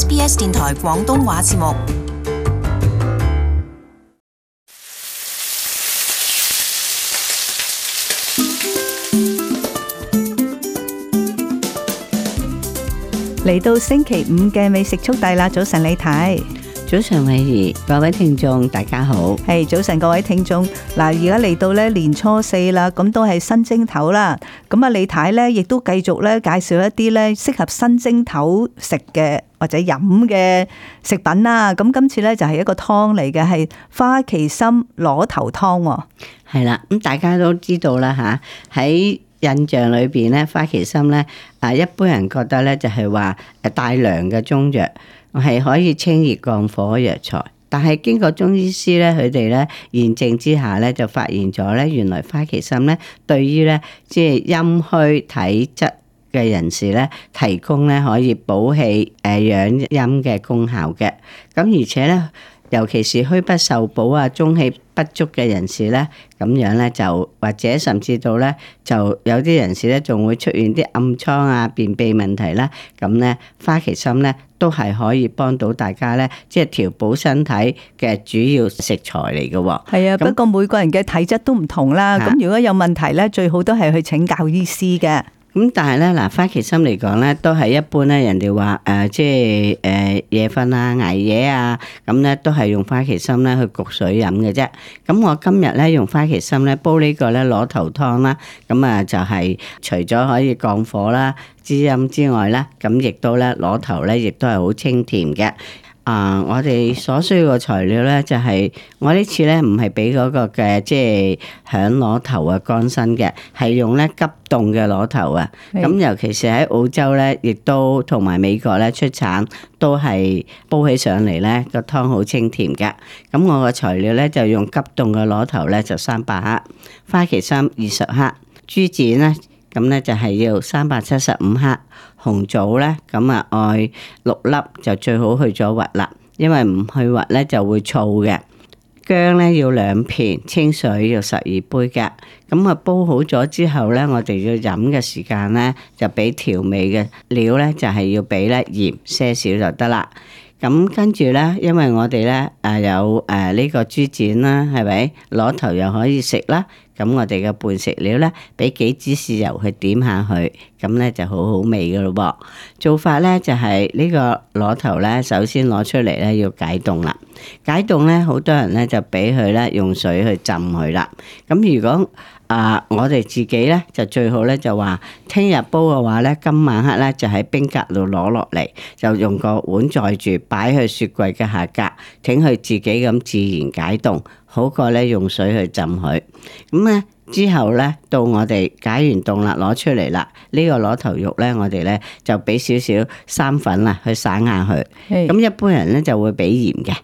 SBS 電台廣東話節目，嚟到星期五嘅美食速遞啦！早晨，你睇。早晨，偉儀，各位聽眾大家好，係、hey, 早晨各位聽眾，嗱，而家嚟到咧年初四啦，咁都係新正頭啦，咁阿李太咧亦都繼續咧介紹一啲咧適合新正頭食嘅或者飲嘅食品啦，咁今次咧就係一個湯嚟嘅，係花旗參螺頭湯，係啦，咁大家都知道啦吓喺。印象裏邊咧，花旗參咧，啊，一般人覺得咧就係話誒，大量嘅中藥係可以清熱降火嘅藥材，但係經過中醫師咧佢哋咧驗證之下咧就發現咗咧，原來花旗參咧對於咧即係陰虛體質嘅人士咧提供咧可以補氣誒，養陰嘅功效嘅，咁而且咧。尤其是虛不受補啊，中氣不足嘅人士呢，咁樣呢，就或者甚至到呢，就有啲人士呢，仲會出現啲暗瘡啊、便秘問題啦，咁呢，花旗參呢，都係可以幫到大家呢，即係調補身體嘅主要食材嚟嘅。係啊，不過那每個人嘅體質都唔同啦，咁如果有問題呢，最好都係去請教醫師嘅。咁但係咧，嗱，花旗參嚟講咧，都係一般咧，人哋話誒，即係誒、呃、夜瞓啊、捱夜啊，咁咧都係用花旗參咧去焗水飲嘅啫。咁我今日咧用花旗參咧煲個呢個咧螺頭湯啦，咁啊就係除咗可以降火啦、滋陰之外咧，咁亦都咧螺頭咧，亦都係好清甜嘅。啊！Uh, 我哋所需要嘅材料呢，就係、是，我呢次呢唔係俾嗰個嘅即係響螺頭啊乾身嘅，係用呢急凍嘅螺頭啊。咁是尤其是喺澳洲呢，亦都同埋美國呢，出產都係煲起上嚟呢個湯好清甜嘅。咁我個材料呢，就用急凍嘅螺頭呢，就三百克，花旗參二十克，豬展呢，咁咧就係要三百七十五克紅棗咧，咁啊愛六粒就最好去咗核啦，因為唔去核咧就會燥嘅。薑咧要兩片，清水要十二杯嘅。咁啊煲好咗之後咧，我哋要飲嘅時間咧，就俾調味嘅料咧，就係要俾咧鹽些少就得啦。咁跟住咧，因為我哋咧誒有誒呢個豬展啦，係咪攞頭又可以食啦？咁我哋嘅拌食料呢，俾幾支豉油去點下佢，咁呢就好好味噶咯喎。做法呢就係、是、呢個螺頭呢，首先攞出嚟呢，要解凍啦。解凍呢，好多人呢就俾佢呢用水去浸佢啦。咁如果啊、呃，我哋自己呢，就最好呢就話聽日煲嘅話呢，今晚黑呢就喺冰格度攞落嚟，就用個碗載住，擺去雪櫃嘅下格，請佢自己咁自然解凍。好過咧用水去浸佢，咁咧之後咧到我哋解完凍啦，攞出嚟啦，呢、這個攞頭肉咧，我哋咧就俾少少生粉啦去散下佢。咁 Hey. 一般人咧就會俾鹽嘅，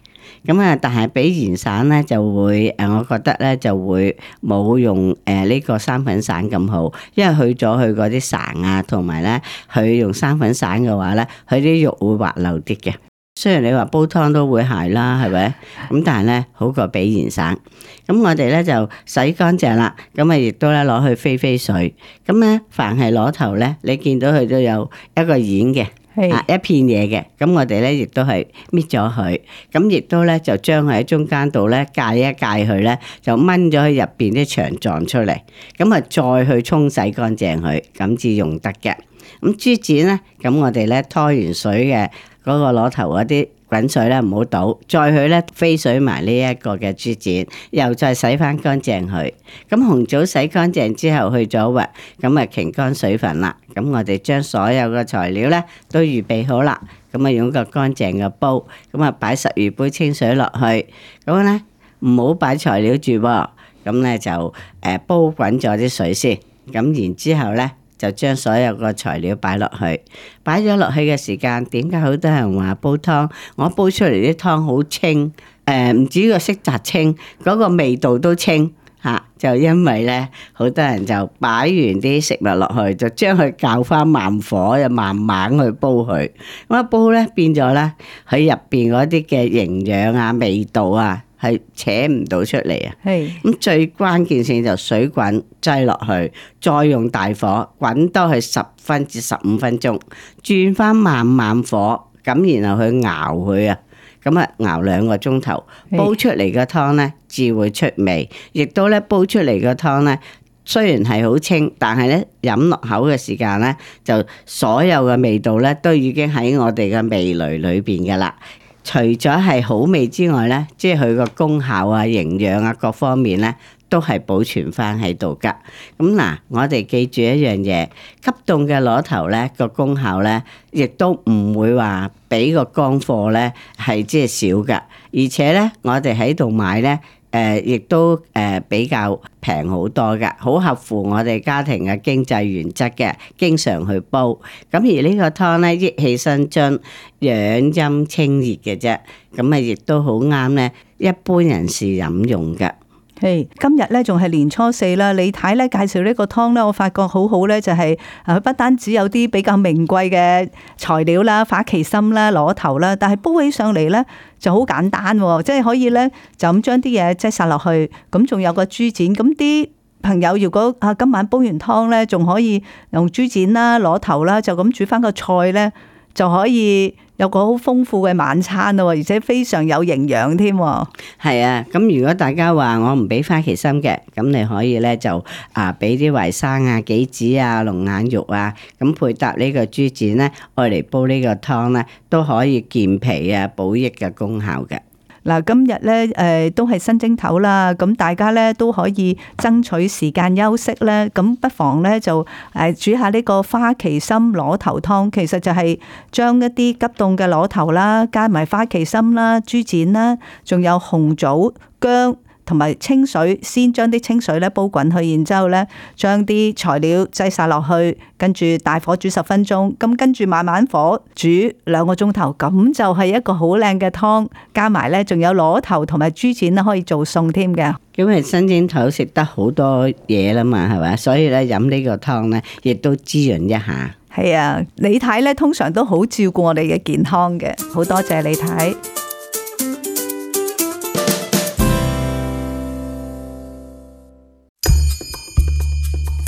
咁啊，但係俾鹽散咧就會誒，我覺得咧就會冇用誒呢、呃這個生粉散咁好，因為去咗佢嗰啲散啊，同埋咧佢用生粉散嘅話咧，佢啲肉會滑溜啲嘅。雖然你話煲湯都會係啦，係咪？咁但係咧好過俾鹽省。咁我哋咧就洗乾淨啦。咁啊，亦都咧攞去飛飛水。咁咧，凡係螺頭咧，你見到佢都有一個演嘅，是啊一片嘢嘅。咁我哋咧亦都係搣咗佢。咁亦都咧就將佢喺中間度咧 𠝹 一 𠝹 佢咧，就掹咗佢入邊啲腸臟出嚟。咁啊，再去沖洗乾淨佢，咁至用得嘅。咁豬展咧，咁我哋咧拖完水嘅。嗰個螺頭嗰啲滾水咧，唔好倒，再去咧飛水埋呢一個嘅豬展，又再洗翻乾淨佢。咁紅棗洗乾淨之後去咗核，咁啊擎乾水分啦。咁我哋將所有嘅材料咧都預備好啦。咁啊用個乾淨嘅煲，咁啊擺十二杯清水落去。咁咧唔好擺材料住，咁咧就誒煲滾咗啲水先。咁然之後咧。就將所有個材料擺落去，擺咗落去嘅時間，點解好多人話煲湯？我煲出嚟啲湯好清，誒唔止個色澤清，嗰、嗰個味道都清吓、啊。就因為咧，好多人就擺完啲食物落去，就將佢較返慢火，又慢慢去煲佢。咁一煲咧，變咗咧佢入邊嗰啲嘅營養啊、味道啊。係扯唔到出嚟啊！咁是最關鍵性就水滾擠落去，再用大火滾多去十分至十五分鐘，轉翻慢慢火咁，然後去熬佢啊！咁啊熬兩個鐘頭，煲出嚟嘅湯咧，至會出味，亦是都咧煲出嚟嘅湯咧，雖然係好清，但係咧飲落口嘅時間咧，就所有嘅味道咧都已經喺我哋嘅味蕾裏邊噶啦。除咗係好味之外呢，即係佢個功效啊、營養啊各方面呢，都係保存翻喺度㗎。咁嗱，我哋記住一樣嘢，急凍嘅螺頭呢個功效呢，亦都唔會話畀個乾貨呢係即係少㗎。而且呢，我哋喺度買呢。誒，亦都誒比較平好多㗎，好合乎我哋家庭嘅經濟原則嘅，經常去煲。咁而呢個湯咧，益氣生津、養陰清熱嘅啫。咁啊，亦都好啱咧，一般人士飲用㗎。誒，hey, 今日咧仲係年初四啦，李太咧介紹呢個湯咧，我發覺好好咧，就係、是、誒佢不單止有啲比較名貴嘅材料啦，花旗參啦、螺頭啦，但係煲起上嚟咧就好簡單，即係可以咧就咁將啲嘢擠晒落去，咁仲有個豬展，咁啲朋友如果啊今晚煲完湯咧，仲可以用豬展啦、螺頭啦，就咁煮翻個菜咧。就可以有個好豐富嘅晚餐咯，而且非常有營養添。係啊，咁如果大家話我唔俾花旗參嘅，咁你可以咧就啊俾啲淮山啊、杞子啊、龍眼肉啊，咁配搭呢個豬展咧，愛嚟煲呢個湯咧，都可以健脾啊、補益嘅功效嘅。今日咧，誒都係新蒸頭啦，咁大家咧都可以爭取時間休息咧，咁不妨咧就誒煮下呢個花旗參螺頭湯，其實就係將一啲急凍嘅螺頭啦，加埋花旗參啦、豬展啦，仲有紅棗、薑。同埋清水，先將啲清水咧煲滾去，然之後咧將啲材料擠晒落去，跟住大火煮十分鐘，咁跟住慢慢火煮兩個鐘頭，咁就係一個好靚嘅湯。加埋咧仲有螺頭同埋豬展可以做餸添嘅。因為，新正頭食得好多嘢啦嘛，係咪？所以咧飲呢個湯咧亦都滋潤一下。係啊，李太咧通常都好照顧我哋嘅健康嘅，好多謝李太。